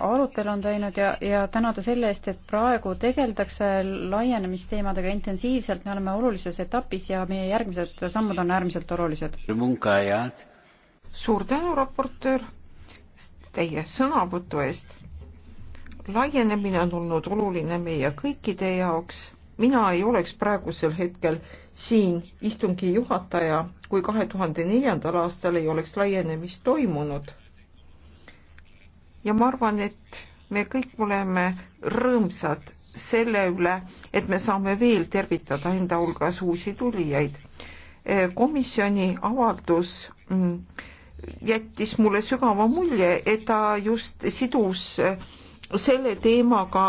arutelu on teinud ja, ja tänada selle eest, et praegu tegeldakse laienemisteemadega intensiivselt, me oleme olulises etapis ja meie järgmised sammud on äärmiselt olulised. suur tänu, raportöör, teie sõnavõtu eest. laienemine on olnud oluline meie kõikide jaoks mina ei oleks praegusel hetkel siin istungi juhataja, kui kahe tuhande neljandal aastal ei oleks laienemist toimunud ja ma arvan, et me kõik oleme rõõmsad selle üle, et me saame veel tervitada enda hulgas uusi tulijaid. Eh, komisjoni avaldus mm, jättis mulle sügava mulje, et ta just sidus eh, selle teemaga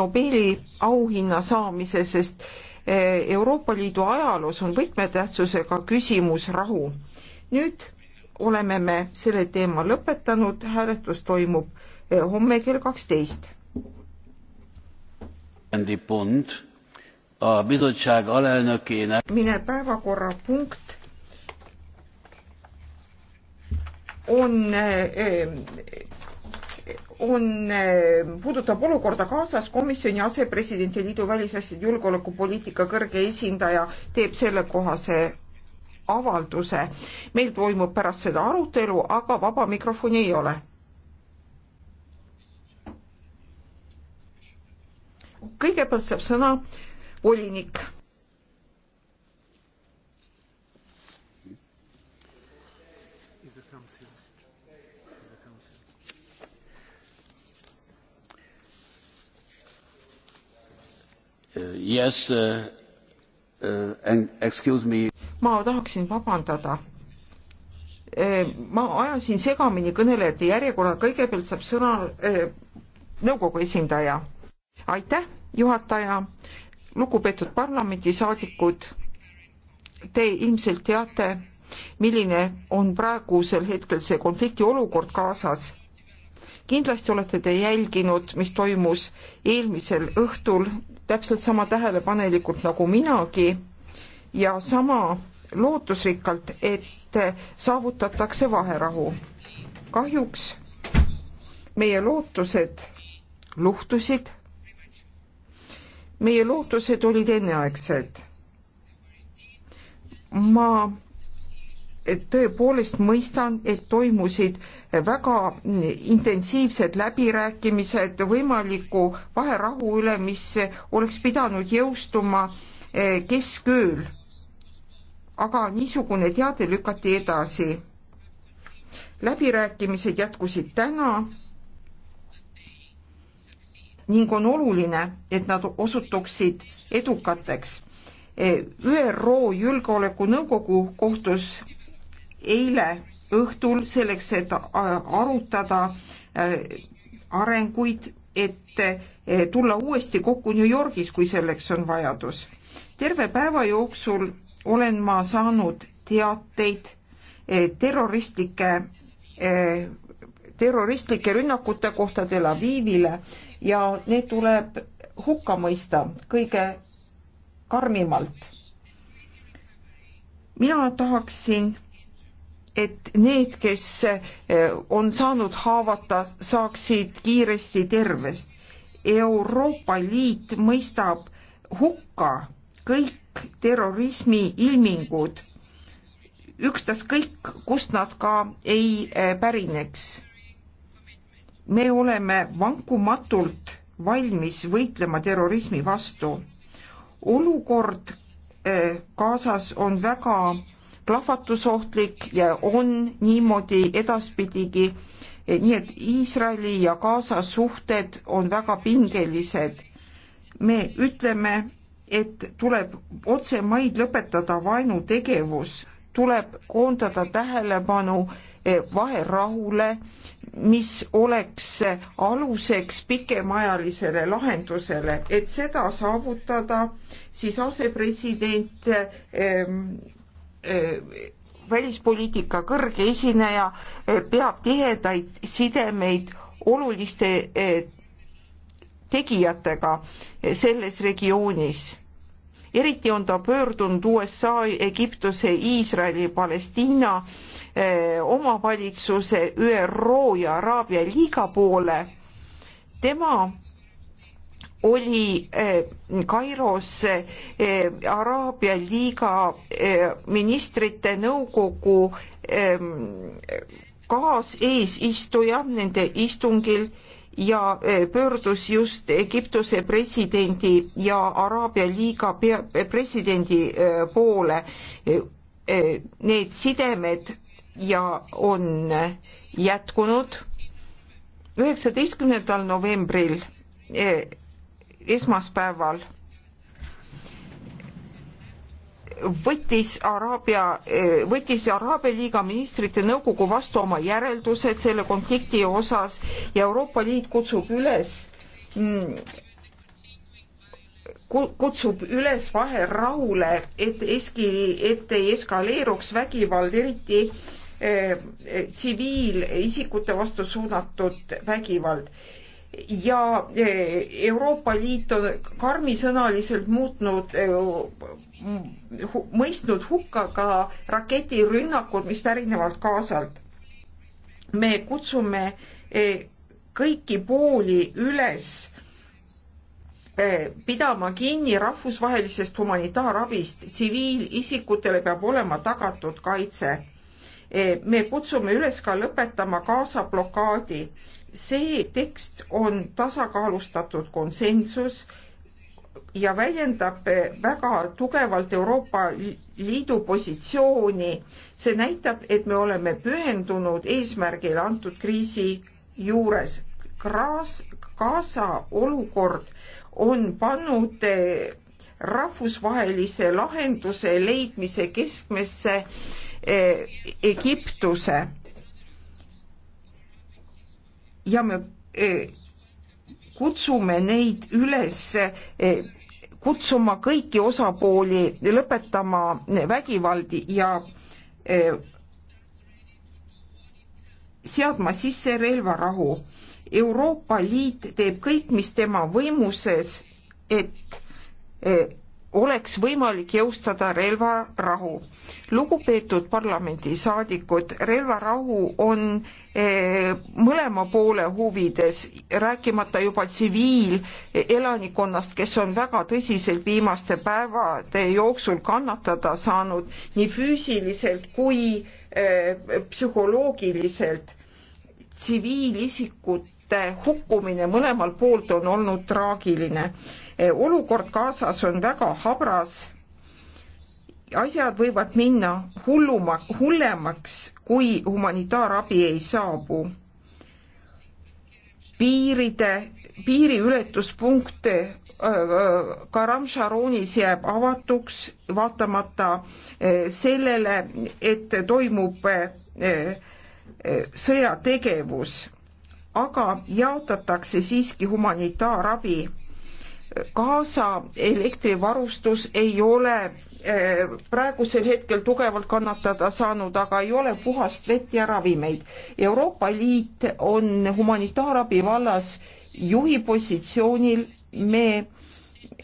Nobeli auhinna saamise, sest eh, Euroopa Liidu ajaloos on võtmetähtsusega küsimus rahu. nüüd oleme me selle teema lõpetanud, hääletus toimub eh, homme kell kaksteist. mine päevakorrapunkt on, eh, on, eh, puudutab olukorda Gazas, komisjoni asepresident ja liidu välisasjade julgeolekupoliitika kõrge esindaja teeb sellekohase avalduse. meil toimub pärast seda arutelu, aga vaba mikrofoni ei ole. kõigepealt saab sõna volinik. Yes uh, uh, and excuse me ma tahaksin vabandada. ma ajasin segamini kõnelejate järjekorra, kõigepealt saab sõna nõukogu esindaja. aitäh, juhataja, lugupeetud parlamendisaadikud. Te ilmselt teate, milline on praegusel hetkel see konflikti olukord kaasas kindlasti olete te jälginud, mis toimus eelmisel õhtul täpselt sama tähelepanelikult nagu minagi ja sama lootusrikkalt, et saavutatakse vaherahu. kahjuks meie lootused luhtusid. meie lootused olid enneaegsed. ma tõepoolest mõistan, et toimusid väga intensiivsed läbirääkimised võimaliku vaherahu üle, mis oleks pidanud jõustuma eh, keskööl aga niisugune teade lükati edasi. läbirääkimised jätkusid täna ning on oluline, et nad osutuksid edukateks. ÜRO Julgeolekunõukogu kohtus eile õhtul selleks, et arutada äh, arenguid, et äh, tulla uuesti kokku New Yorgis, kui selleks on vajadus. terve päeva jooksul olen ma saanud teateid eh, terroristlike, eh, terroristlike rünnakute kohta Tel Avivile ja need tuleb hukka mõista kõige karmimalt. mina tahaksin, et need, kes eh, on saanud haavata, saaksid kiiresti tervest. Euroopa Liit mõistab hukka kõik terrorismi ilmingud, ükstaskõik kust nad ka ei eh, pärineks. me oleme vankumatult valmis võitlema terrorismi vastu. olukord eh, Gazas on väga plahvatusohtlik ja on niimoodi edaspidigi, eh, nii et Iisraeli ja Gaza suhted on väga pingelised. me ütleme, et tuleb otse maid lõpetada vaenutegevus, tuleb koondada tähelepanu eh, vaherahule, mis oleks aluseks pikemaajalisele lahendusele, et seda saavutada, siis asepresident ähm, ähm, välispoliitika kõrge esineja eh, peab tihedaid sidemeid oluliste tegijatega selles regioonis. eriti on ta pöördunud USA, Egiptuse, Iisraeli, Palestiina eh, omavalitsuse, ÜRO ja Araabia Liiga poole. tema oli eh, Kairos eh, Araabia liiga ministrite nõukogu kaaseesistuja nende istungil ja eh, pöördus just Egiptuse presidendi ja Araabia liiga presidendi eh, poole. Eh, need sidemed ja on jätkunud. üheksateistkümnendal novembril esmaspäeval võttis Araabia, eh, võttis Araabia Liiga ministrite nõukogu vastu oma järeldused selle konflikti osas ja Euroopa Liit kutsub üles mm, kutsub üles vahel rahule, et eski, et ei eskaleeruks vägivald, eriti tsiviilisikute eh, vastu suunatud vägivald ja eh, Euroopa Liit on karmisõnaliselt muutnud eh, mõistnud hukka ka raketirünnakud, mis pärinevad Gazalt. me kutsume e, kõiki pooli üles e, pidama kinni rahvusvahelisest humanitaarabist, tsiviilisikutele peab olema tagatud kaitse. E, me kutsume üles ka lõpetama Gaza blokaadi. see tekst on tasakaalustatud konsensus ja väljendab eh, väga tugevalt Euroopa Liidu positsiooni. see näitab, et me oleme pühendunud eesmärgile antud kriisi juures. Kraas, Gaza olukord on pannud eh, rahvusvahelise lahenduse leidmise keskmesse eh, Egiptuse ja me kutsume neid üles eh, kutsuma kõiki osapooli lõpetama vägivaldi ja eh, seadma sisse relvarahu. Euroopa Liit teeb kõik, mis tema võimuses, et eh, oleks võimalik jõustada relvarahu. lugupeetud parlamendisaadikud, relvarahu on eh, mõlema poole huvides, rääkimata juba tsiviilelanikkonnast, kes on väga tõsiselt viimaste päevade jooksul kannatada saanud nii füüsiliselt kui eh, psühholoogiliselt. tsiviilisikute hukkumine mõlemal poolt on olnud traagiline Eh, olukord Gazas on väga habras. asjad võivad minna hulluma, hullemaks, kui humanitaarabi ei saabu. piiride, piiriületuspunkte Karam Sharonis jääb avatuks vaatamata e, sellele, et toimub e, e, sõjategevus, aga jaotatakse siiski humanitaarabi Gaza elektrivarustus ei ole eh, praegusel hetkel tugevalt kannatada saanud, aga ei ole puhast vett ja ravimeid. Euroopa Liit on humanitaarabi vallas juhi positsioonil, me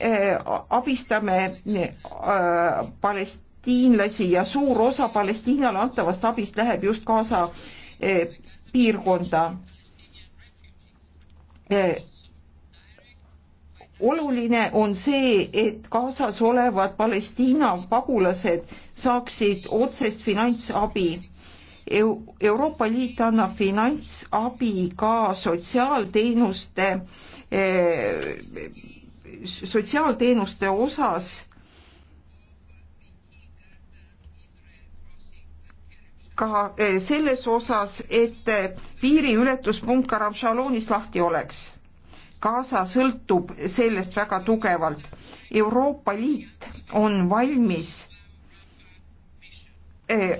eh, abistame eh, palestiinlasi ja suur osa Palestiinale antavast abist läheb just Gaza piirkonda oluline on see, et kaasas olevad Palestiina pagulased saaksid otsest finantsabi. Euroopa Liit annab finantsabi ka sotsiaalteenuste, eh, sotsiaalteenuste osas ka eh, selles osas, et piiriületuspunkt Karamšaloonis lahti oleks Gaza sõltub sellest väga tugevalt. Euroopa Liit on valmis eh,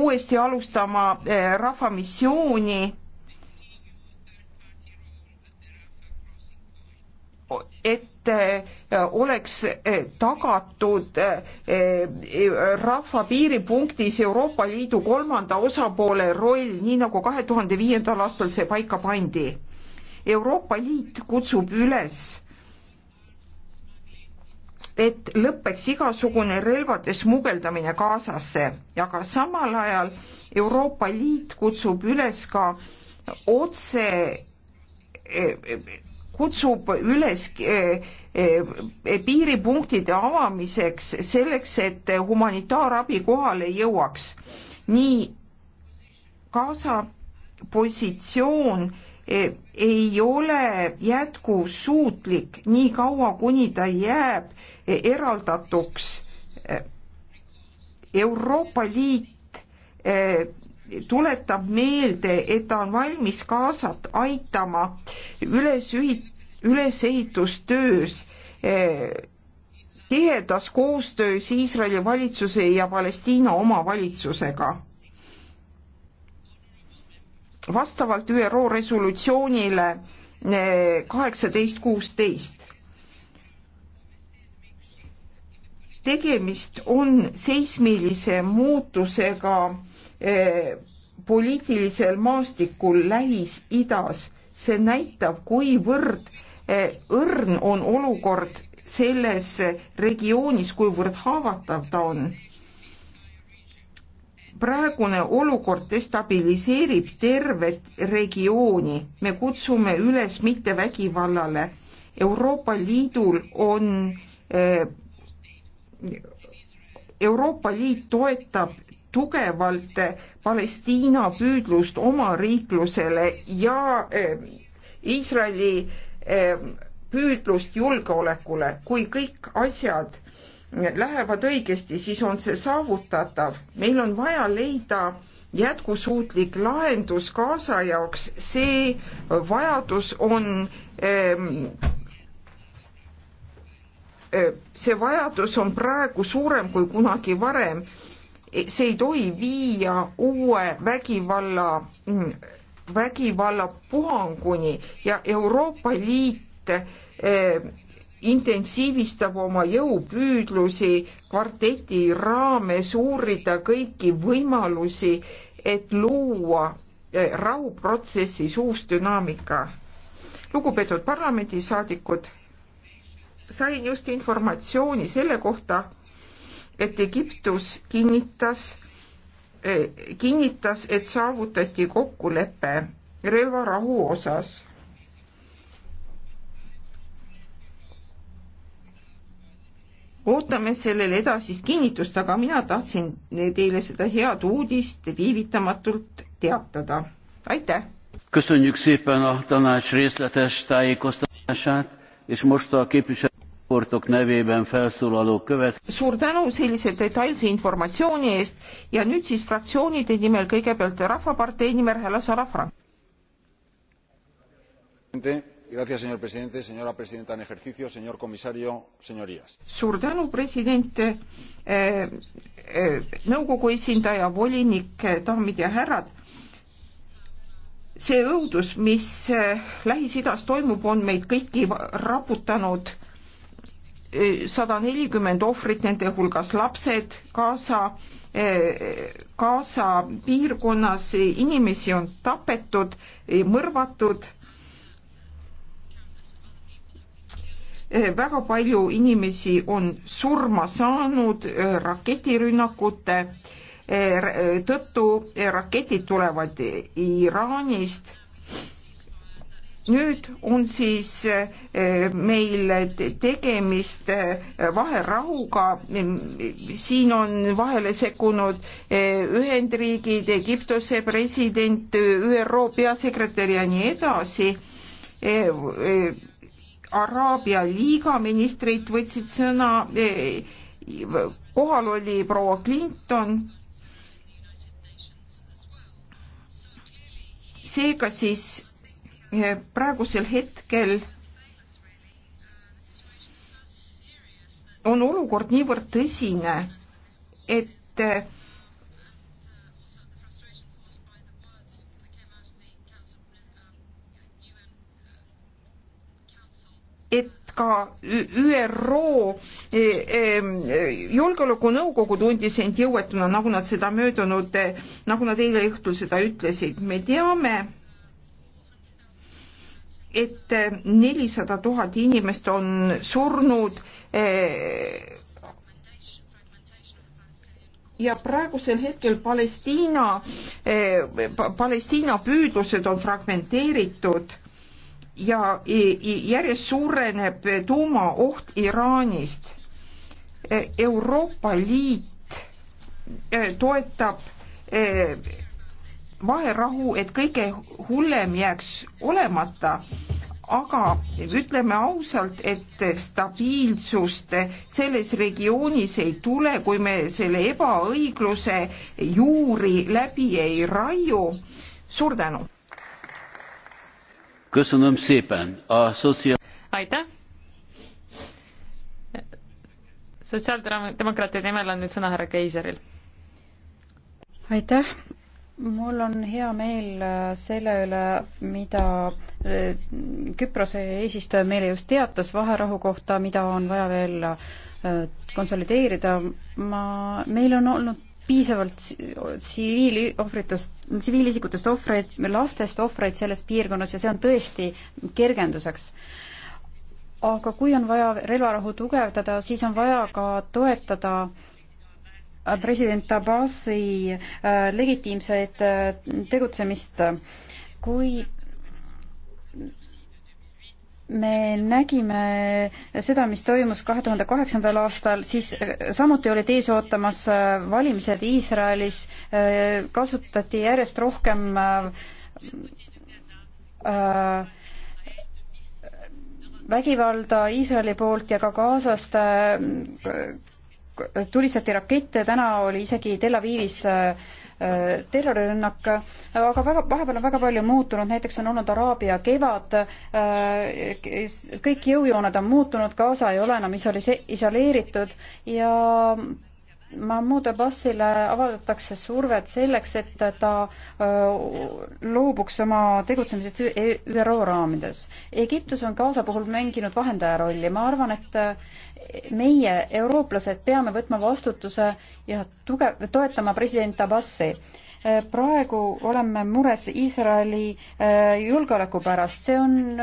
uuesti alustama eh, rahvamissiooni et eh, oleks tagatud rahva piiripunktis Euroopa Liidu kolmanda osapoole roll, nii nagu kahe tuhande viiendal aastal see paika pandi Euroopa Liit kutsub üles et lõpeks igasugune relvade smugeldamine Gazasse, aga samal ajal Euroopa Liit kutsub üles ka otse, e, e, kutsub üles e, piiripunktide avamiseks selleks, et humanitaarabi kohale jõuaks. nii Gaza positsioon E, ei ole jätkusuutlik nii kaua, kuni ta jääb e, eraldatuks. E, Euroopa Liit tuletab meelde, et ta on valmis kaasat aitama ülesühit-, ülesehitustöös tihedas koostöös Iisraeli valitsuse ja Palestiina omavalitsusega vastavalt ÜRO resolutsioonile eh, kaheksateist kuusteist. tegemist on seismilise muutusega eh, poliitilisel maastikul Lähis-Idas. see näitab, kuivõrd eh, õrn on olukord selles regioonis, kuivõrd haavatav ta on praegune olukord destabiliseerib tervet regiooni. me kutsume üles mitte vägivallale. Euroopa Liidul on eh, Euroopa Liit toetab tugevalt eh, Palestiina püüdlust oma riiklusele ja eh, Iisraeli püüdlust julgeolekule, kui kõik asjad lähevad õigesti, siis on see saavutatav. meil on vaja leida jätkusuutlik lahendus kaasa jaoks, see vajadus on ehm, ehm, see vajadus on praegu suurem kui kunagi varem. see ei tohi viia uue vägivalla, mm, vägivallapuhanguni ja Euroopa Liit ehm, intensiivistab oma jõupüüdlusi kvarteti raames uurida kõiki võimalusi, et luua eh, rahuprotsessis uus dünaamika. lugupeetud parlamendisaadikud, sain just informatsiooni selle kohta, et Egiptus kinnitas, eh, kinnitas, et saavutati kokkulepe relvarahu osas ootame sellele edasist kinnitust, aga mina tahtsin teile seda head uudist viivitamatult teatada. aitäh! köszönjük szépen a tanács részletes tájékoztatását, és most a képviselőportok nevében felszólalók követ. Suur tänu sellise detailse informatsiooni eest ja nüüd siis fraktsioonide nimel kõigepealt Rahvapartei nimel härra Sarafran señor presidente señora presidenta en ejercicio señor comisario señorías. suur tänu president eh, eh, nõukogu esindaja volinik daamid ja härrad see õudus mis eh, lähis idas toimub on meid kõiki raputanud sada nelikümmend ohvrit nende hulgas lapsed gaza gaza piirkonnas inimesi on tapetud mõrvatud Eh, väga palju inimesi on surma saanud eh, raketirünnakute eh, tõttu, raketid tulevad Iraanist nüüd on siis meil tegemist vaherahuga, siin on vahele sekkunud Ühendriigid, Egiptuse president, ÜRO peasekretär ja nii edasi Araabia liiga ministrid võtsid sõna, e, kohal oli proua Clinton. seega siis e, praegusel hetkel on olukord niivõrd tõsine, et e, ka ÜRO e, e, Julgeolekunõukogu tundis end jõuetuna, nagu nad seda möödunud, nagu nad eile õhtul seda ütlesid. me teame, et nelisada tuhat inimest on surnud e, ja praegusel hetkel Palestiina, Palestiina püüdlused on fragmenteeritud ja järjest suureneb tuumaoht Iraanist. Euroopa Liit eh, toetab eh, vaherahu, et kõige hullem jääks olemata, aga ütleme ausalt, et stabiilsust selles regioonis ei tule, kui me selle ebaõigluse juuri läbi ei raiu. suur tänu! aitäh! sotsiaaldemokraatide nimel on nüüd sõna härra Keiseril. aitäh, mul on hea meel äh, selle üle, mida äh, Küprose eesistuja meile just teatas vaherahu kohta, mida on vaja veel äh, konsolideerida. ma, meil on olnud piisavalt tsiviilohvritest, tsiviilisikutest ohvreid, lastest ohvreid selles piirkonnas ja see on tõesti kergenduseks. aga kui on vaja relvarahu tugevdada, siis on vaja ka toetada äh, president Abbasi äh, legitiimseid äh, tegutsemist. kui me nägime seda, mis toimus kahe tuhande kaheksandal aastal, siis äh, samuti olid ees ootamas äh, valimised Iisraelis, äh, kasutati järjest rohkem vägivalda Iisraeli poolt ja ka Gazast tulistati rakette, täna oli isegi Tel Avivis terrorirünnak, aga väga, vahepeal on väga palju muutunud, näiteks on olnud Araabia kevad, kõik jõujooned on muutunud, Gaza ei ole enam isoleeritud ja Mahmoud Abbasile avaldatakse survet selleks, et ta loobuks oma tegutsemisest ÜRO raamides. Egiptus on Gaza puhul mänginud vahendaja rolli, ma arvan, et e, meie, eurooplased, peame võtma vastutuse ja tuge-, toetama president Abbasi. praegu oleme mures Iisraeli julgeoleku pärast, see on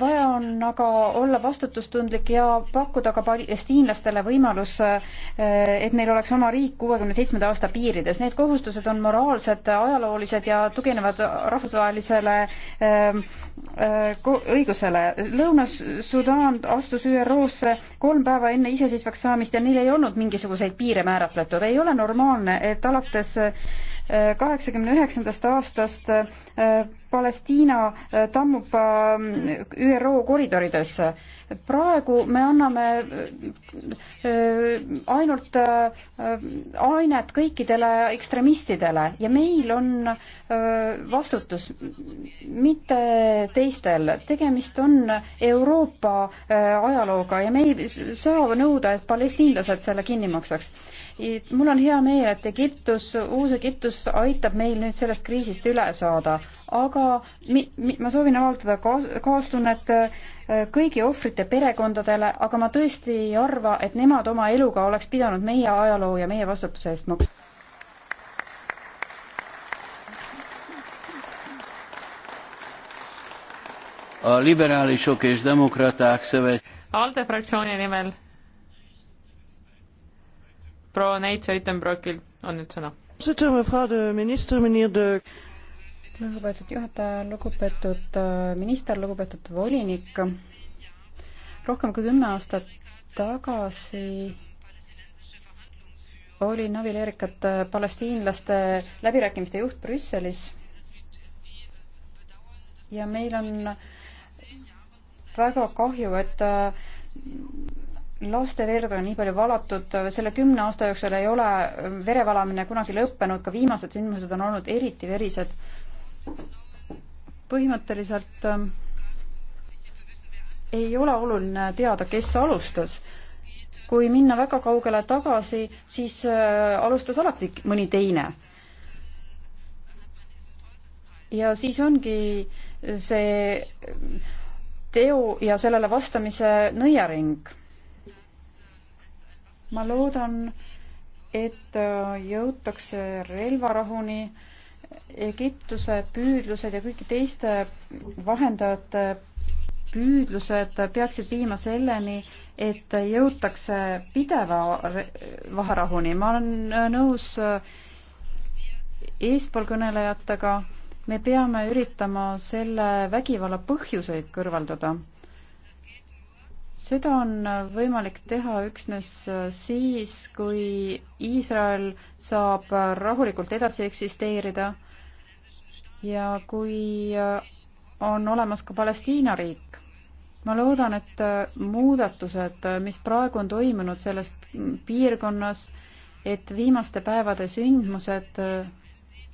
vaja on aga olla vastutustundlik ja pakkuda ka palestiinlastele võimalus, eh, et neil oleks oma riik kuuekümne seitsmenda aasta piirides. Need kohustused on moraalsed, ajaloolised ja tuginevad rahvusvahelisele eh, eh, õigusele. Lõuna-Sudaan astus ÜRO-sse kolm päeva enne iseseisvaks saamist ja neil ei olnud mingisuguseid piire määratletud. ei ole normaalne, et alates kaheksakümne üheksandast aastast Palestiina äh, tammub äh, ÜRO koridoridesse. praegu me anname äh, ainult ainet kõikidele ekstremistidele ja meil on vastutus, mitte teistel. tegemist on Euroopa ajalooga ja me ei saa nõuda, et palestiinlased selle kinni maksaks mul on hea meel, et Egiptus, Uus-Egiptus aitab meil nüüd sellest kriisist üle saada, aga mi, mi, ma soovin avaldada kaas, kaastunnet äh, kõigi ohvrite perekondadele, aga ma tõesti ei arva, et nemad oma eluga oleks pidanud meie ajaloo ja meie vastutuse eest maksma. a liberálisok és demokraták szövet. ALDE fraktsiooni nimel proua Neit Sõitenbrokil on nüüd sõna lugupeetud juhataja, lugupeetud äh, minister, lugupeetud volinik. rohkem kui kümme aastat tagasi oli Navi Leerikat äh, palestiinlaste läbirääkimiste juht Brüsselis. ja meil on väga kahju, et äh, laste verd on nii palju valatud, selle kümne aasta jooksul ei ole verevalamine kunagi lõppenud, ka viimased sündmused on olnud eriti verised põhimõtteliselt ähm, ei ole oluline teada, kes alustas. kui minna väga kaugele tagasi, siis äh, alustas alati mõni teine. ja siis ongi see teo ja sellele vastamise nõiaring. ma loodan, et äh, jõutakse relvarahuni Egiptuse püüdlused ja kõigi teiste vahendajate püüdlused peaksid viima selleni, et jõutakse pideva vaherahuni. ma olen äh, nõus äh, eespoolkõnelejatega, me peame üritama selle vägivalla põhjuseid kõrvaldada seda on võimalik teha üksnes äh, siis, kui Iisrael saab äh, rahulikult edasi eksisteerida ja kui äh, on olemas ka Palestiina riik. ma loodan, et muudatused, mis praegu on toimunud selles piirkonnas, et viimaste päevade sündmused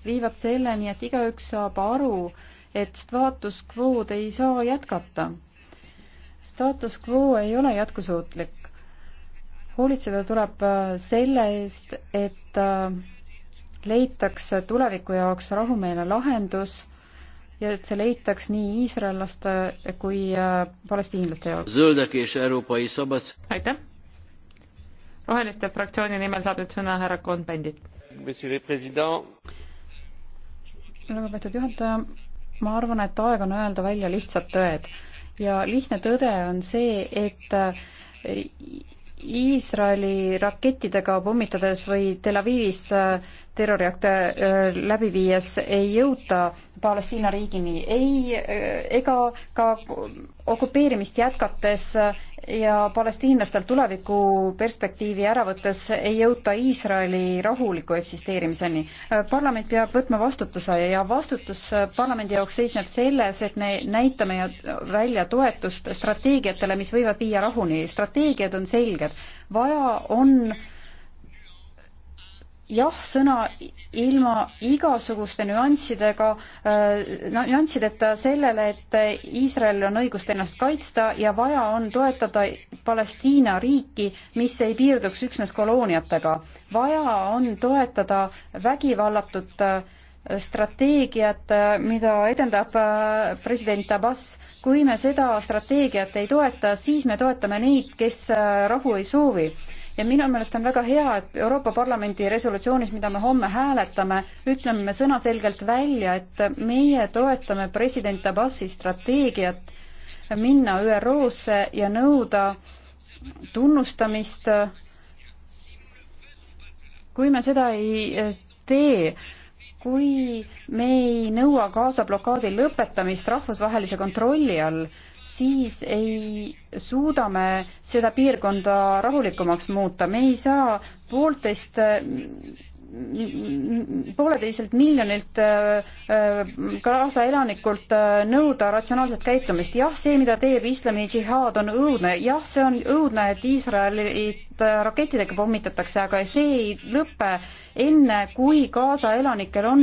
viivad selleni, et igaüks saab aru, et staatus quo'd ei saa jätkata staatus quo ei ole jätkusuutlik. hoolitseda tuleb äh, selle eest, et äh, leitaks tuleviku jaoks rahumeelne lahendus ja et see leitaks nii iisraellaste kui äh, palestiinlaste jaoks. aitäh! roheliste fraktsiooni nimel saab nüüd sõna härra Kohn-Pendit. lugupeetud juhataja, ma arvan, et aeg on öelda välja lihtsad tõed ja lihtne tõde on see, et äh, Iisraeli rakettidega pommitades või Tel Avivis äh, terroriakte läbi viies ei jõuta Palestiina riigini ei, ega ka okupeerimist jätkates ja palestiinlastel tuleviku perspektiivi ära võttes ei jõuta Iisraeli rahuliku eksisteerimiseni. parlament peab võtma vastutuse ja vastutus parlamendi jaoks seisneb selles, et me näitame välja toetust strateegiatele, mis võivad viia rahuni. strateegiad on selged, vaja on äh, jah-sõna ilma igasuguste nüanssidega, äh, nüanssideta sellele, et Iisraelil on õigust ennast kaitsta ja vaja on toetada Palestiina riiki, mis ei piirduks üksnes kolooniatega. vaja on toetada vägivallatut äh, strateegiat, äh, mida edendab president Abbas. kui me seda strateegiat ei toeta, siis me toetame neid, kes rahu ei soovi ja minu meelest on väga hea, et Euroopa Parlamendi resolutsioonis, mida me homme hääletame, ütleme me sõnaselgelt välja, et meie toetame president Abbasi strateegiat minna ÜRO-sse ja nõuda tunnustamist. kui me seda ei eh, tee, kui me ei nõua Gaza blokaadi lõpetamist rahvusvahelise kontrolli all, siis ei suuda me seda piirkonda rahulikumaks muuta, me ei saa poolteist pooleteiselt miljonilt Gaza äh, elanikult äh, nõuda ratsionaalset käitumist. jah, see, mida teeb islami džihaad, on õudne. jah, see on õudne, et Iisraeli Äh, rakettidega pommitatakse, aga see ei lõpe enne, kui Gaza elanikel on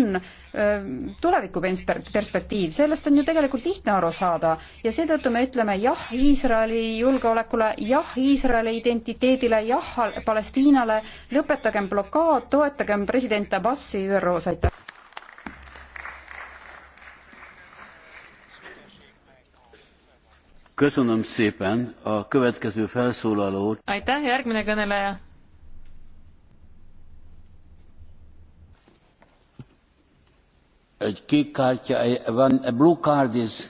tulevikuperspektiiv. sellest on ju tegelikult lihtne aru saada ja seetõttu me ütleme jah Iisraeli julgeolekule, jah Iisraeli identiteedile, jah Palestiinale, lõpetagem blokaad, toetagem president Abbasi ÜRO-s, aitäh! Köszönöm szépen a következő felszólalót. Aitäh, järgmine kõneleja. Egy kék kártya, van a blue card is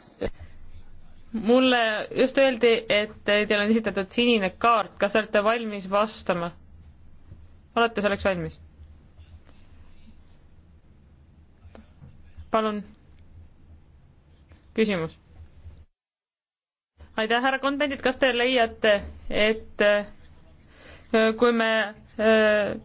mulle just öeldi, et teil on esitatud sinine kaart, kas olete valmis vastama? olete selleks valmis? palun. küsimus aitäh, härra Konvendit, kas te leiate, et äh, kui me äh,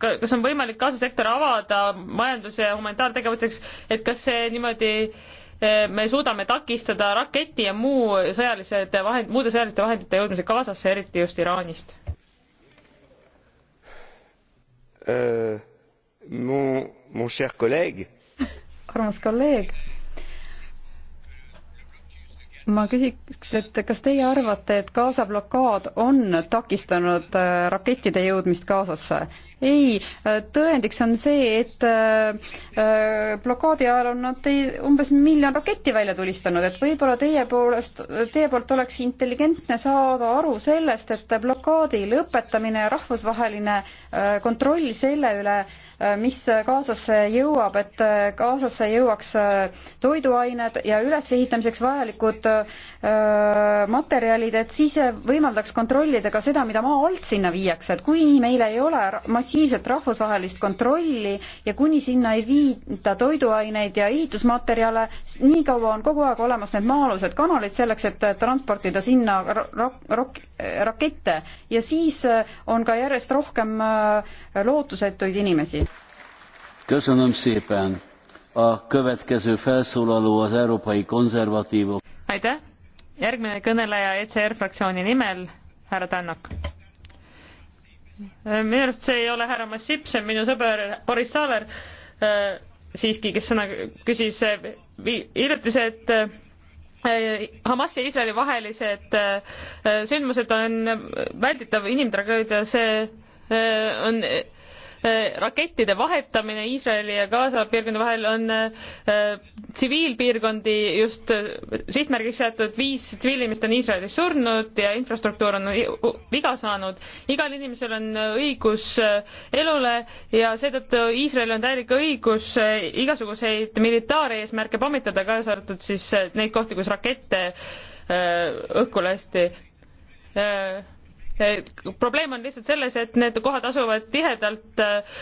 kas on võimalik kaasasektor avada majanduse ja humanitaartegevuseks, et kas see niimoodi äh, me suudame takistada raketi ja muu sõjalised vahend, muude sõjaliste vahendite jõudmise Gazasse, eriti just Iraanist uh,? Mon, mon cher kolleeg. armas kolleeg ma küsiks, et kas teie arvate, et Gaza blokaad on takistanud äh, rakettide jõudmist Gazasse? ei, äh, tõendiks on see, et äh, blokaadi ajal on nad tei-, umbes miljon raketti välja tulistanud, et võib-olla teie poolest, teie poolt oleks intelligentne saada aru sellest, et blokaadi lõpetamine ja rahvusvaheline kontroll selle üle, Äh, mis Gazasse jõuab, et äh, Gazasse jõuaks äh, toiduained ja ülesehitamiseks vajalikud materjalid, et siis võimaldaks kontrollida ka seda, mida maa alt sinna viiakse, et kui meil ei ole massiivset rahvusvahelist kontrolli ja kuni sinna ei viida toiduaineid ja ehitusmaterjale, nii kaua on kogu aeg olemas need maa-alused kanalid selleks, et transportida sinna rak-, rak-, rakette ja siis on ka järjest rohkem lootusetuid inimesi. Köszönöm szépen. A következő felszólaló az európai konzervatívok. Aitäh! Järgmine kõneleja ECR fraktsiooni nimel, härra Tannak. Äh, minu arust see ei ole härra Massip, see on minu sõber Boris Saaler äh, siiski, kes sõna küsis, äh, hiljuti see, et Hamasi ja Iisraeli vahelised sündmused on välditav inimtragöödia, see on Äh, rakettide vahetamine Iisraeli ja Gaza piirkonna vahel on äh, tsiviilpiirkondi just äh, sihtmärgiks seatud, viis tsiviilinimest on Iisraelis surnud ja infrastruktuur on viga saanud. igal inimesel on õigus elule ja seetõttu Iisraelil on täielik õigus igasuguseid militaareesmärke pommitada, kaasa arvatud siis neid kohti, kus rakette õhku lasti probleem on lihtsalt selles, et need kohad asuvad tihedalt äh,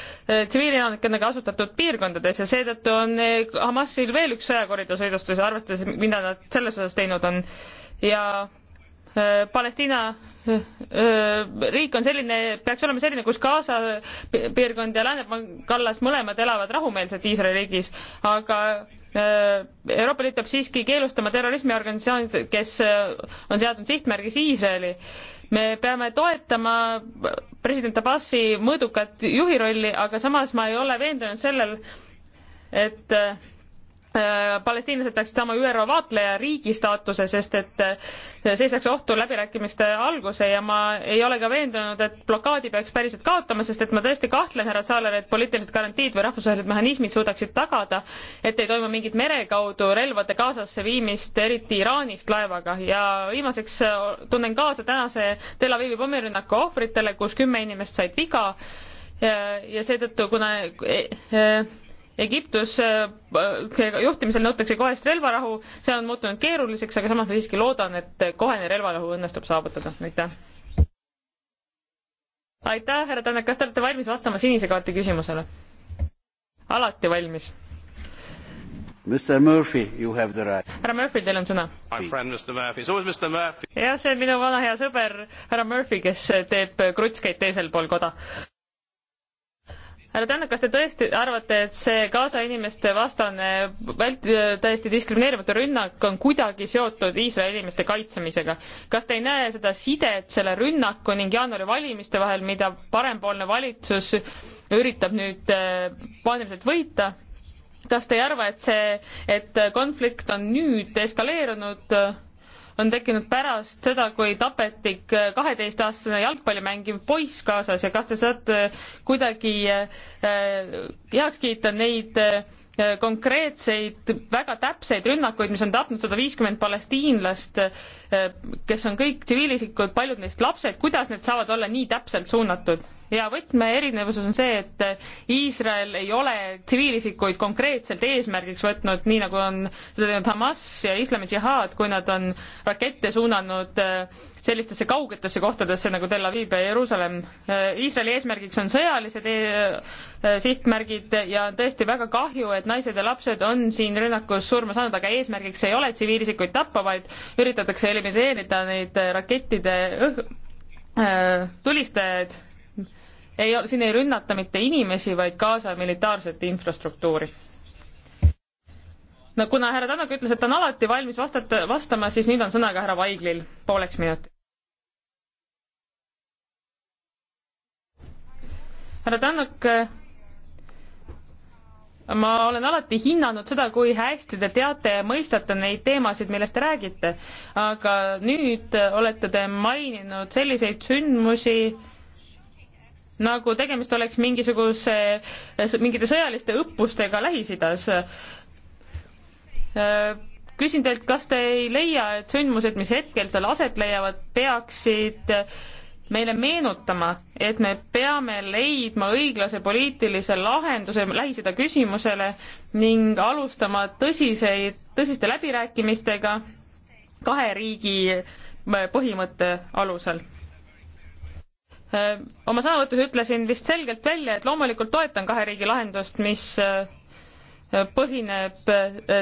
tsiviilelanikega asutatud piirkondades ja seetõttu on äh, Hamasil veel üks sõjakoridor sõidustus, arvestades, mida nad selles osas teinud on. ja äh, Palestiina riik on selline, peaks olema selline, kus Gaza piirkond ja Lääne-Kallas mõlemad elavad rahumeelselt Iisraeli riigis, aga Euroopa Liit peab siiski keelustama terrorismiorganisatsioonid, kes on seadnud sihtmärgiks Iisraeli me peame toetama president Abbasi mõõdukat juhi rolli, aga samas ma ei ole veendunud sellel, et Äh, palestiinlased peaksid saama ÜRO vaatleja riigi staatuse, sest et äh, seisaks ohtu läbirääkimiste alguse ja ma ei ole ka veendunud, et blokaadi peaks päriselt kaotama, sest et ma tõesti kahtlen, härra Saaler, et poliitilised garantiid või rahvusvahelised mehhanismid suudaksid tagada, et ei toimu mingit mere kaudu relvade Gazasse viimist, eriti Iraanist laevaga ja viimaseks äh, tunnen kaasa tänase Tel Avivi pommirünnaku ohvritele, kus kümme inimest said viga ja, ja seetõttu kuna e, e, Egiptus äh, äh, juhtimisel nõutakse kohest relvarahu, see on muutunud keeruliseks, aga samas ma siiski loodan, et kohene relvarahu õnnestub saavutada, aitäh. aitäh, härra Tanel, kas te olete valmis vastama sinise kaarti küsimusele? alati valmis. Mr Murphy, you have the right. härra Murphy, teil on sõna. jah, see on minu vana hea sõber härra Murphy, kes teeb krutskeid teisel pool koda härra Tänak, kas te tõesti arvate, et see Gaza inimeste vastane vält-, täiesti diskrimineerimatu rünnak on kuidagi seotud Iisraeli inimeste kaitsemisega? kas te ei näe seda sidet selle rünnaku ning jaanuari valimiste vahel, mida parempoolne valitsus üritab nüüd äh, paaniliselt võita? kas te ei arva, et see, et konflikt on nüüd eskaleerunud on tekkinud pärast seda, kui tapeti äh, kaheteistaastane jalgpalli mängiv poiss kaasas ja kas te saate kuidagi äh, heaks kiita neid äh, konkreetseid väga täpseid rünnakuid, mis on tapnud sada viiskümmend palestiinlast, kes on kõik tsiviilisikud, paljud neist lapsed, kuidas need saavad olla nii täpselt suunatud? ja võtmeerinevuses on see, et Iisrael ei ole tsiviilisikuid konkreetselt eesmärgiks võtnud, nii nagu on seda teinud Hamas ja Islami džihaad, kui nad on rakette suunanud äh, sellistesse kaugetesse kohtadesse nagu Tel Aviv ja Jeruusalemm. Äh, Iisraeli eesmärgiks on sõjalised e sihtmärgid ja on tõesti väga kahju, et naised ja lapsed on siin rünnakus surma saanud, aga eesmärgiks ei ole tsiviilisikuid tappa, vaid üritatakse elimineerida neid rakettide õh-, tulistajaid ei, siin ei rünnata mitte inimesi, vaid Gaza militaarset infrastruktuuri. no kuna härra Tanak ütles, et ta on alati valmis vastata, vastama, siis nüüd on sõna ka härra Vaiglil pooleks minutiks. härra Tanak, ma olen alati hinnanud seda, kui hästi te teate ja mõistate neid teemasid, millest te räägite, aga nüüd olete te maininud selliseid sündmusi, nagu tegemist oleks mingisuguse, mingite sõjaliste õppustega Lähis-Idas. küsin teilt, kas te ei leia, et sündmused, mis hetkel seal aset leiavad, peaksid meile meenutama, et me peame leidma õiglase poliitilise lahenduse Lähis-Ida küsimusele ning alustama tõsiseid, tõsiste läbirääkimistega kahe riigi põhimõtte alusel oma sõnavõtus ütlesin vist selgelt välja, et loomulikult toetan kahe riigi lahendust, mis põhineb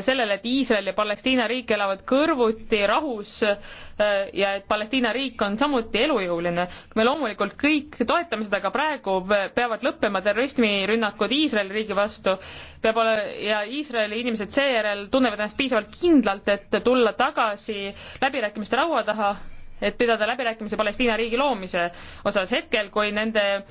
sellele, et Iisrael ja Palestiina riik elavad kõrvuti rahus ja et Palestiina riik on samuti elujõuline. me loomulikult kõik toetame seda ka praegu, peavad lõppema terrorismirünnakud Iisraeli riigi vastu, peab ole- ja Iisraeli inimesed seejärel tunnevad ennast piisavalt kindlalt, et tulla tagasi läbirääkimiste laua taha et pidada läbirääkimisi Palestiina riigi loomise osas. hetkel, kui nende äh,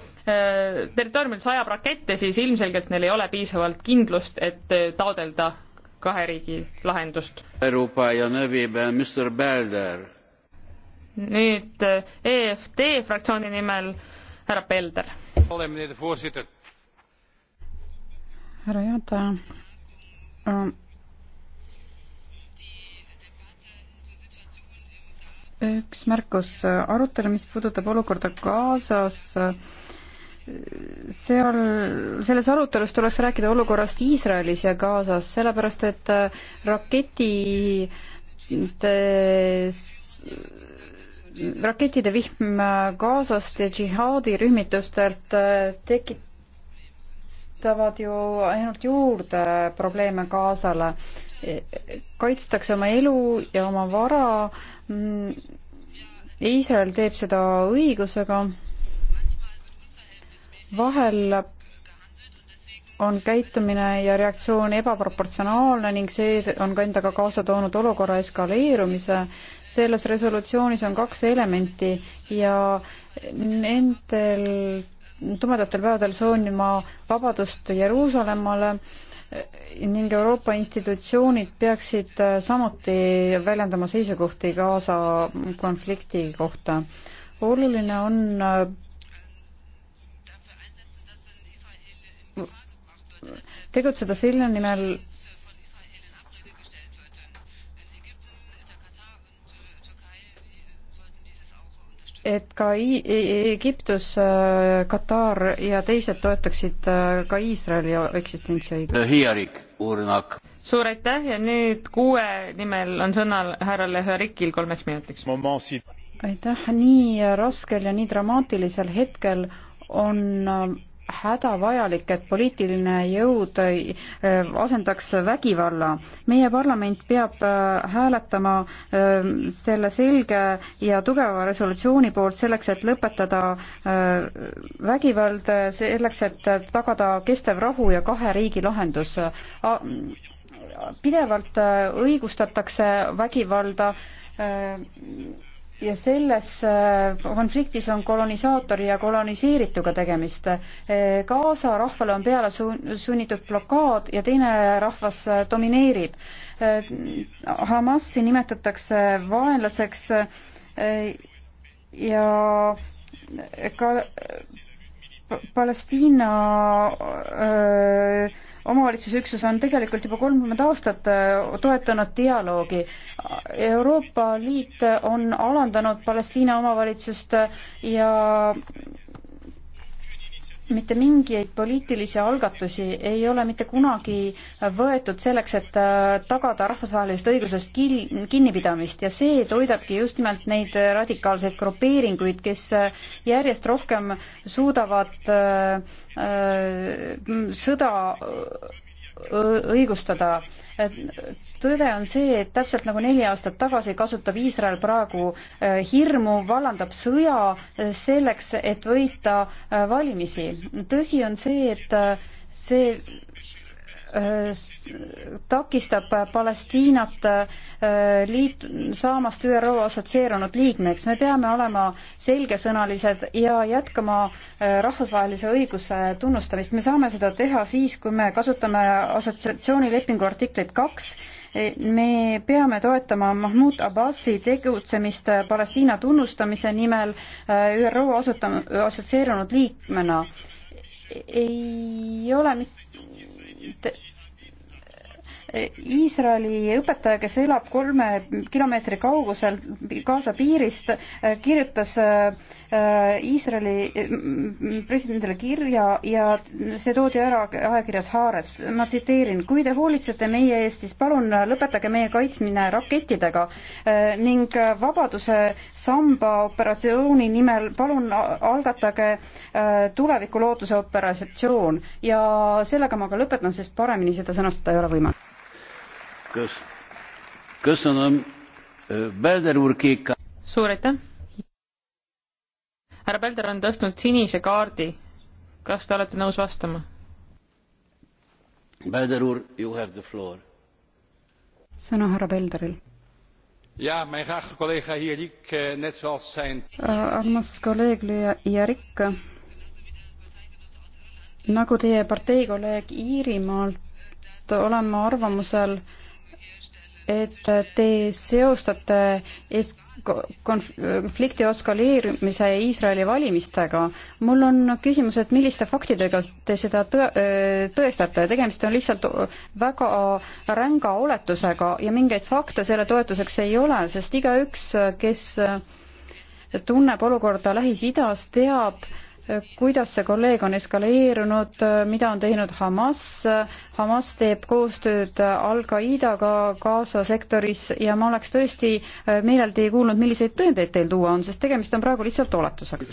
territooriumil sajab rakette, siis ilmselgelt neil ei ole piisavalt kindlust, et äh, taodelda kahe riigi lahendust. Äh, nüüd EFD fraktsiooni nimel härra Pelder. härra juhataja üks märkus, arutelu, mis puudutab olukorda Gazas, seal, selles arutelus tuleks rääkida olukorrast Iisraelis ja Gazas, sellepärast et äh, raketi rakettide vihm äh, Gazast ja džihaadi rühmitustelt äh, tekitavad ju ainult juurde probleeme Gazale. kaitstakse oma elu ja oma vara äh, Mm, Iisrael teeb seda õigusega. vahel on käitumine ja reaktsioon ebaproportsionaalne ning see on ka endaga kaasa toonud olukorra eskaleerumise. selles resolutsioonis on kaks elementi ja nendel tumedatel päevadel soonin ma vabadust Jeruusalemmale äh, ning Euroopa institutsioonid peaksid äh, samuti väljendama seisukohti Gaza konflikti kohta. oluline on äh, tegutseda selle nimel, et ka e-, Egiptus, äh, Katar ja teised toetaksid äh, ka Iisraeli eksistentsiõigust. Äh, suur aitäh ja nüüd kuue nimel on sõna härrale Hörikil kolmeks minutiks. aitäh, nii raskel ja nii dramaatilisel hetkel on hädavajalik, et poliitiline jõud äh, asendaks vägivalla. meie parlament peab äh, hääletama äh, selle selge ja tugeva resolutsiooni poolt selleks, et lõpetada vägivald, selleks, et tagada kestev rahu ja kahe riigi lahendus. pidevalt õigustatakse vägivalda ja selles äh, konfliktis on kolonisaatori ja koloniseerituga tegemist. Äh, Gaza rahvale on peale sunnitud blokaad ja teine rahvas äh, domineerib. Hamasi nimetatakse vaenlaseks ja ka Palestiina öö, omavalitsusüksus on tegelikult juba kolmkümmend aastat äh, toetanud dialoogi. Euroopa Liit on alandanud Palestiina omavalitsust äh, ja mitte mingeid poliitilisi algatusi ei ole mitte kunagi võetud selleks, et äh, tagada rahvusvahelisest õigusest kinnipidamist ja see toidabki just nimelt neid radikaalseid grupeeringuid, kes äh, järjest rohkem suudavad äh, sõda õigustada. tõde on see, et täpselt nagu neli aastat tagasi kasutab Iisrael praegu hirmu, vallandab sõja selleks, et võita valimisi. tõsi on see, et see takistab Palestiinat äh, liit, saamast ÜRO assotsieerunud liikmeks. me peame olema selgesõnalised ja jätkama äh, rahvusvahelise õiguse tunnustamist. me saame seda teha siis, kui me kasutame assotsiatsioonilepingu artiklit kaks e, me peame toetama Mahmoud Abbasi tegutsemist Palestiina tunnustamise nimel äh, ÜRO assotsieerunud liikmena. ei ole mitte Iisraeli õpetaja, kes elab kolme kilomeetri kaugusel Gaza piirist, kirjutas äh, Äh, Iisraeli äh, presidendile kirja ja see toodi ära ajakirjas Haares. ma tsiteerin, kui te hoolitsete meie eest, siis palun lõpetage meie kaitsmine rakettidega äh, ning Vabaduse samba operatsiooni nimel palun algatage tuleviku lootuse operatsioon ja sellega ma ka lõpetan, sest paremini seda sõnastada ei ole võimalik. kas, kas on, Belder Urkiika? suur aitäh! härra Pelder on tõstnud sinise kaardi. kas te olete nõus vastama? Belder uur, you have the floor. sõna härra Pelderil. Ja, mijn geachte collega Hierik, eh, net zoals zijn... Uh, armas kolleeg Hierik, äh, nagu teie parteikolleeg Iirimaalt olen ma arvamusel, et te seostate es-, konf-, konflikti eskaleerumise Iisraeli valimistega. mul on küsimus, et milliste faktidega te seda tõ-, tõestate, tegemist on lihtsalt väga ränga oletusega ja mingeid fakte selle toetuseks ei ole, sest igaüks, kes tunneb olukorda Lähis-Idas, teab, kuidas see kolleeg on eskaleerunud, mida on teinud Hamas. Hamas teeb koostööd Al-Qaidaga Gaza sektoris ja ma oleks tõesti meeleldi kuulnud, milliseid tõendeid teil tuua on, sest tegemist on praegu lihtsalt oletusega.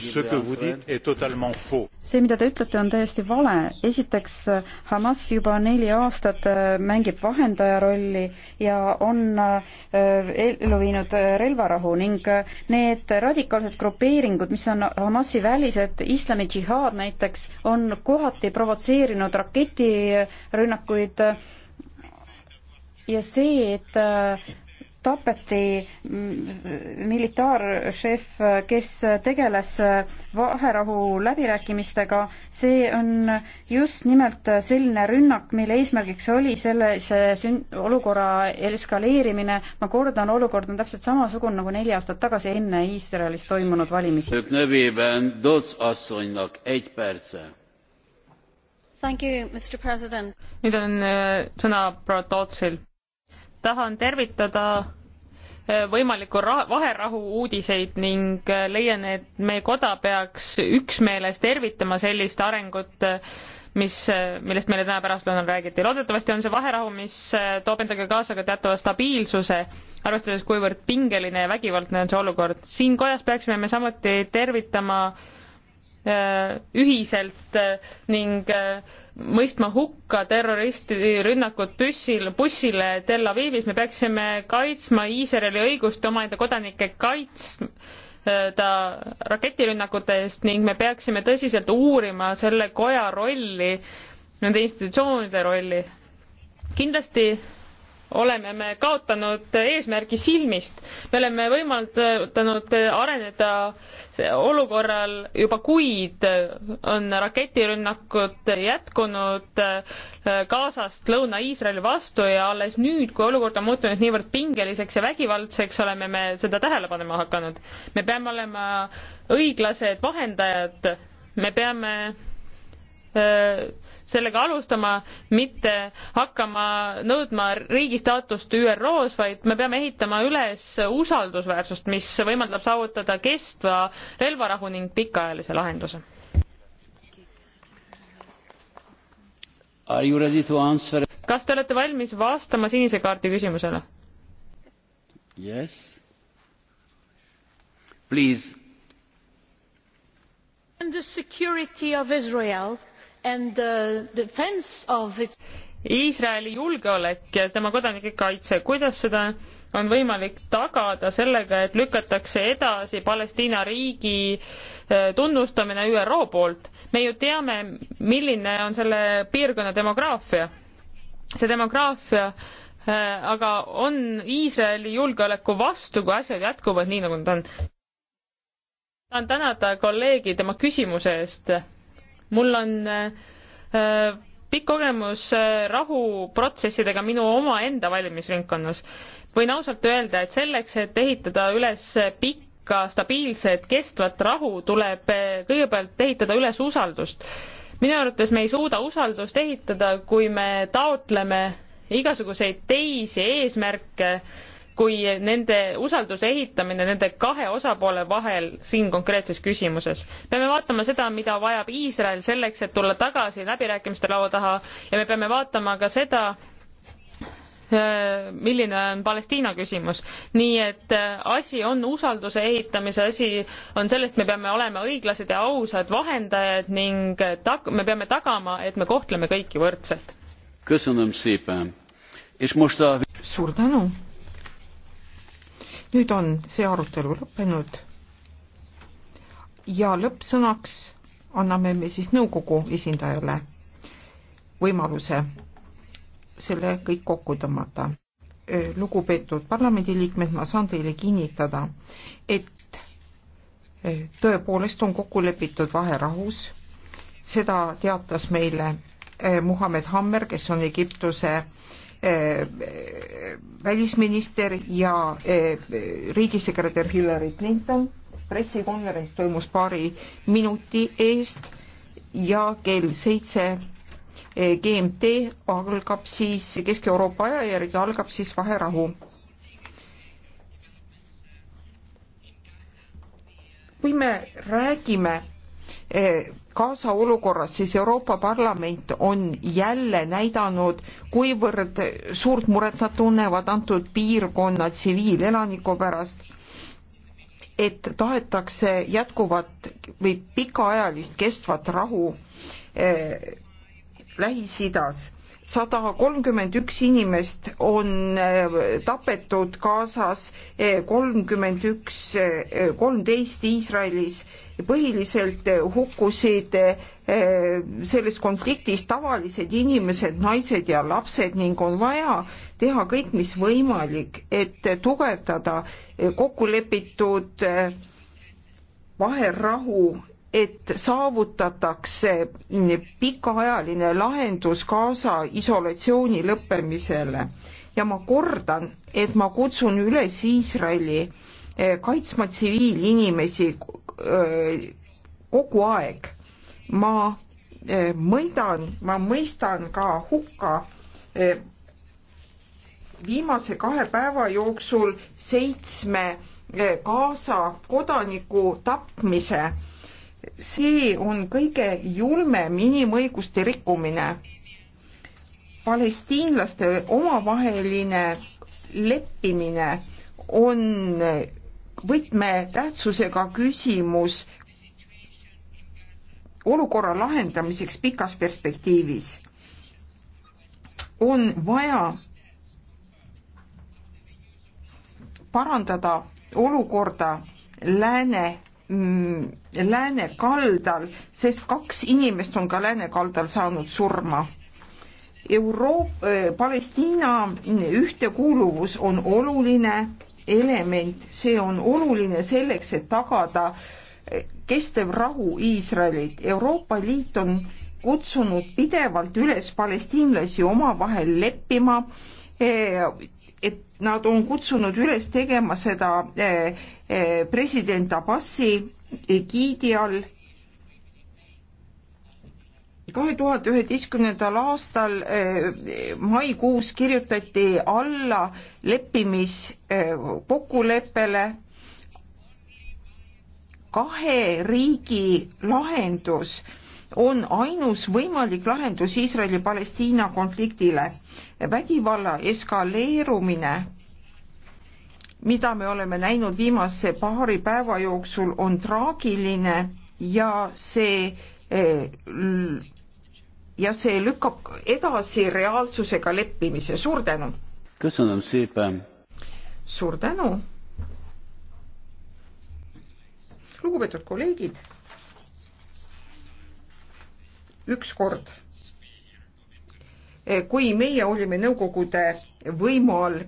see, mida te ütlete, on täiesti vale. esiteks, Hamas juba neli aastat äh, mängib vahendaja rolli ja on äh, ellu viinud äh, relvarahu ning need radikaalsed grupeeringud, mis on Hamasi välised, islami džihaad näiteks on kohati provotseerinud raketirünnakuid ja see, et tapeti militaaršef, kes tegeles vaherahu läbirääkimistega. see on just nimelt selline rünnak, mille eesmärgiks oli sellise sün-, olukorra eskaleerimine. ma kordan, olukord on täpselt samasugune nagu neli aastat tagasi enne Iisraelis toimunud valimisi. nüüd on äh, sõna proua Tootsil tahan tervitada eh, võimaliku vaherahu uudiseid ning eh, leian, et meie koda peaks üksmeeles tervitama sellist arengut, eh, mis, millest meile täna pärastlõunal räägiti. loodetavasti on see vaherahu, mis toob endaga kaasa ka teatava stabiilsuse, arvestades, kuivõrd pingeline ja vägivaldne on see olukord. siin kojas peaksime me samuti tervitama äh, Äh, ühiselt äh, ning äh, mõistma hukka terroristirünnakud püssil, bussile Tel Avivis, me peaksime kaitsma Iisraeli õigust omaenda kodanikke kaitsta raketirünnakute eest ning me peaksime tõsiselt uurima selle koja rolli, nende institutsioonide rolli. kindlasti oleme me kaotanud eesmärgi silmist. me oleme võimaldanud areneda olukorral juba kuid, on raketirünnakud jätkunud Gazast Lõuna-Iisraeli vastu ja alles nüüd, kui olukord on muutunud niivõrd pingeliseks ja vägivaldseks, oleme me seda tähele panema hakanud. me peame olema õiglased vahendajad, me peame öö, äh, sellega alustama, mitte hakkama nõudma riigi staatust ÜRO-s, vaid me peame ehitama üles usaldusväärsust, mis võimaldab saavutada kestva relvarahu ning pikaajalise lahenduse. kas te olete valmis vastama sinise kaardi küsimusele? Yes. Please. And the security of Israel and the defense of its Iisraeli julgeolek ja tema kodanike kaitse, kuidas seda on võimalik tagada sellega, et lükatakse edasi Palestiina riigi äh, tunnustamine ÜRO poolt. me ju teame, milline on selle piirkonna demograafia. see demograafia äh, aga on Iisraeli julgeoleku vastu, kui asjad jätkuvad nii, nagu nad on. tahan tänada kolleegi tema küsimuse eest mul on äh, äh, pikk kogemus äh, rahuprotsessidega minu omaenda valimisringkonnas. võin ausalt öelda, et selleks, et ehitada üles pikka, stabiilset, kestvat rahu, tuleb kõigepealt ehitada üles usaldust. minu arvates me ei suuda usaldust ehitada, kui me taotleme igasuguseid teisi eesmärke äh, kui nende usalduse ehitamine nende kahe osapoole vahel siin konkreetses küsimuses. peame vaatama seda, mida vajab Iisrael selleks, et tulla tagasi läbirääkimiste laua taha ja me peame vaatama ka seda, äh, milline on Palestiina küsimus. nii et äh, asi on usalduse ehitamise asi, on sellest, me peame olema õiglased ja ausad vahendajad ning äh, tag-, me peame tagama, et me kohtleme kõiki võrdselt. suur tänu nüüd on see arutelu lõppenud ja lõppsõnaks anname me siis nõukogu esindajale võimaluse selle kõik kokku tõmmata. lugupeetud parlamendiliikmed, ma saan teile kinnitada, et tõepoolest on kokku lepitud vaherahus, seda teatas meile Muhamed Hammer, kes on Egiptuse Äh, välisminister ja äh, riigisekretär Hillary Clinton. pressikonverents toimus paari minuti eest ja kell seitse äh, GMT algab siis Kesk-Euroopa aja järgi algab siis vaherahu. kui me räägime Gaza olukorras, siis Euroopa Parlament on jälle näidanud, kuivõrd suurt muret nad tunnevad antud piirkonna tsiviilelaniku pärast, et tahetakse jätkuvat või pikaajalist kestvat rahu eh, Lähis-Idas sada kolmkümmend üks inimest on eh, tapetud Gazas, eh, kolmkümmend üks, eh, kolmteist Iisraelis. põhiliselt hukkusid selles konfliktis tavalised inimesed, naised ja lapsed ning on vaja teha kõik, mis võimalik, et tugevdada kokkulepitud vaherahu et saavutatakse pikaajaline lahendus Gaza isolatsiooni lõppemisele ja ma kordan, et ma kutsun üles Iisraeli eh, kaitsma tsiviilinimesi eh, kogu aeg. ma eh, mõidan, ma mõistan ka hukka viimase kahe päeva jooksul seitsme Gaza kodaniku tapmise see on kõige julmem inimõiguste rikkumine. palestiinlaste omavaheline leppimine on võtmetähtsusega küsimus olukorra lahendamiseks pikas perspektiivis. on vaja parandada olukorda Lääne Mm, lääne kaldal, sest kaks inimest on ka lääne kaldal saanud surma. Euroop-, eh, Palestiina ühtekuuluvus on oluline element, see on oluline selleks, et tagada eh, kestev rahu Iisraelit. Euroopa Liit on kutsunud pidevalt üles palestiinlasi omavahel leppima, eh, et nad on kutsunud üles tegema seda Eh, president Abbasi egiidi all. kahe tuhande üheteistkümnendal aastal eh, maikuus kirjutati alla leppimiskokkuleppele eh, kahe riigi lahendus on ainus võimalik lahendus Iisraeli-Palestiina konfliktile. vägivalla eskaleerumine mida me oleme näinud viimase paari päeva jooksul, on traagiline ja see eh, ja see lükkab edasi reaalsusega leppimise. suur tänu! suur tänu! lugupeetud kolleegid, ükskord, eh, kui meie olime Nõukogude võimu all,